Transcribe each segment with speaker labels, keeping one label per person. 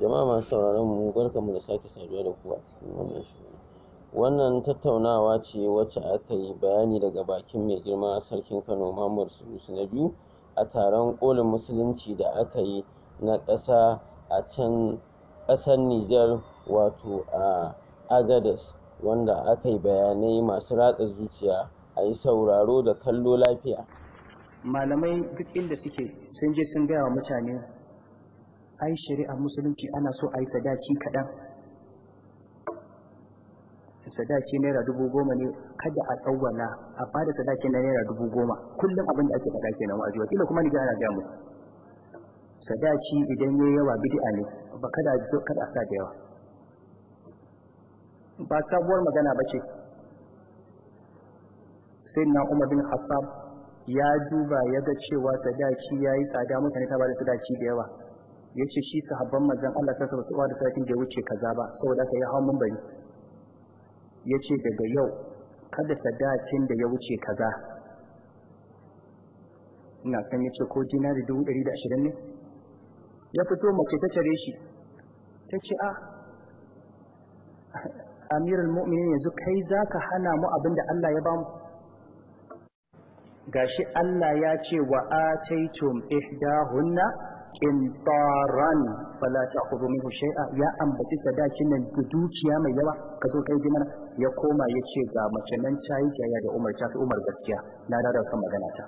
Speaker 1: jama'a masu sauraron mu barkamu da sake saduwa da kuwa. wannan wannan tattaunawa ce wacce aka yi bayani daga bakin mai girma sarkin kano muhammad sulusu na biyu a taron kolin musulunci da aka yi na ƙasa a can ƙasar nijar wato a agadas wanda aka yi bayanai masu ratsa zuciya a yi sauraro da kallo lafiya
Speaker 2: malamai duk inda suke sun je sun gaya wa mutane ai shari'a musulunci ana so a yi sadaki kaɗan sadaki naira dubu goma ne kada a tsawwala a bada sadaki na naira dubu goma kullum abin da ake faɗa kenan wa'azi wakila kuma ni ana gaya mu sadaki idan yayi yawa bid'a ne ba kada zo kada a sa da yawa ba sabuwar magana ba ce sai na Umar bin Khattab ya duba ya ga cewa sadaki yayi tsada mutane ta bada sadaki da yawa Ya ce shi sahabban manzon Allah sai su da sakin da wuce kaza ba saboda haka ya hawo Ya ce daga yau kada sadakin da ya wuce kaza ina san ce ko jina da dubu ɗari da ashirin ne ya fito mace ta tare shi ta ce a ah, amirin mu'minin yanzu kai za ka hana mu abin da Allah ya bamu gashi Allah ya ce wa ataitum ihdahunna qintaran fala ta'khudhu minhu shay'a ya ambaci sadakin nan da dukiya mai yawa ka zo kai mana ya koma ya ce ga mace nan tayi kiyaye da Umar ta fi Umar gaskiya na dada kan magana ta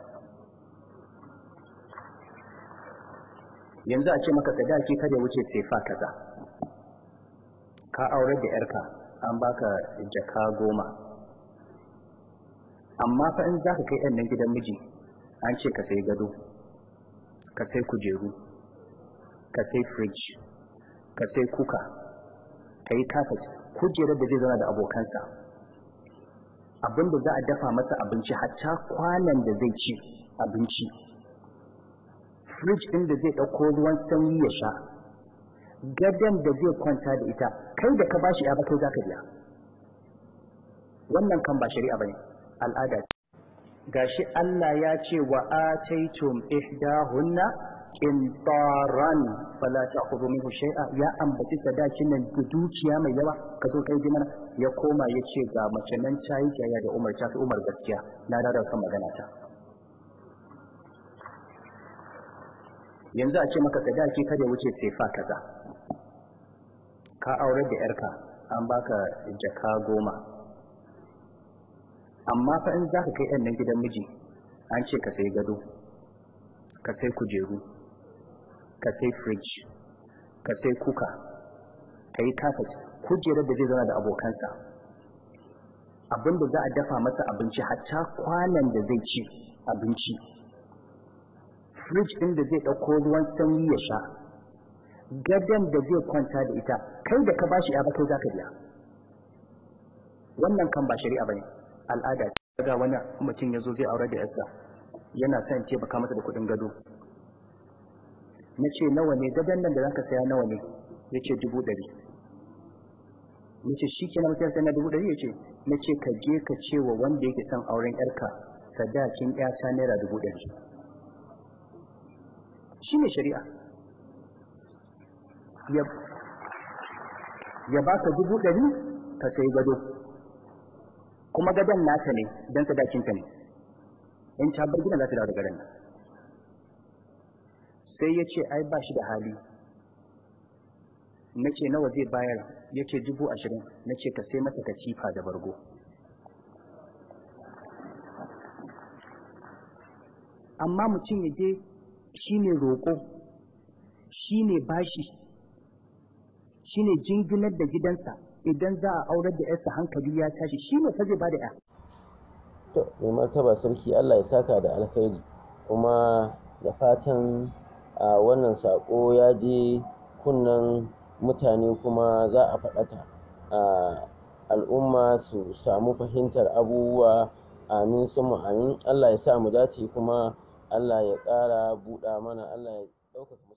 Speaker 2: yanzu a ce maka sadaki kada wuce sai fa kaza ka aure da yarka an baka jaka goma amma fa in zaka kai yan gidan miji an ce ka sai gado ka sai kujeru ka sai fridge ka sai kuka ka yi kafet kujerar da zai zana da abokansa abinda za a dafa masa abinci hatta kwanan da zai ci abinci fridge ɗin da zai ɗauko ruwan sanyi ya sha gadon da zai kwanta da ita kai da ka bashi ya ba za ka biya wannan kan ba shari'a ba ne, al'ada gashi Allah ya ce wa ataitum ihdahunna qintaran fala khudu minhu shay'a ya ambaci sadakin nan da dukiya mai yawa ka zo kai mana ya koma ya ce ga mace nan tayi kiyaya da Umar ta Umar gaskiya na dada kan magana ta yanzu a ce maka sadaki kada wuce sai fa kaza ka aure da yarka an baka jaka goma amma fa in zaka kai ɗan gidan miji an ce ka sai gado ka sai kujeru ka sai fridge ka sai kuka ka yi kafet kujerar da zai zana da abokansa abin da za a dafa masa abinci hatta kwanan da zai ci abinci fridge ɗin da zai ɗauko ruwan sanyi ya sha gadon da zai kwanta da ita kai da ka ba shi ya ba za ka biya wannan kan ba shari'a ba ne al'ada ga wani mutum ya zo zai aure da yarsa yana son ce baka mata da kuɗin gado na ce nawa ne gadon nan da zanka saya nawa ne ya ce dubu ɗari na ce shi kenan mutum sai na dubu ɗari ya ce na ce ka je ka ce wa wanda yake son auren yarka sadakin ta naira dubu ɗari shi ne shari'a ya ba ka dubu ɗari ka sayi gado kuma gadon nasa ne don sadakinta ne in ta bar gidan za ta dawo da gadon nan sai ya ce ai ba shi da hali na ce nawa zai bayar ya ce dubu ashirin na ce ka sai mata cifa da bargo amma mutum ya je shi ne roƙo shi ne bashi shi ne jinginar da gidansa idan za a aurar da yarsa hankali ya tashi shi ne fa zai ba da ya
Speaker 1: to mai martaba sarki Allah ya saka da alkhairi kuma da fatan wannan saƙo ya je kunnan mutane kuma za a a al'umma su samu fahimtar abubuwa amin summa amin Allah ya sa mu dace kuma Allah ya ƙara buɗa mana Allah ya ɗaukaka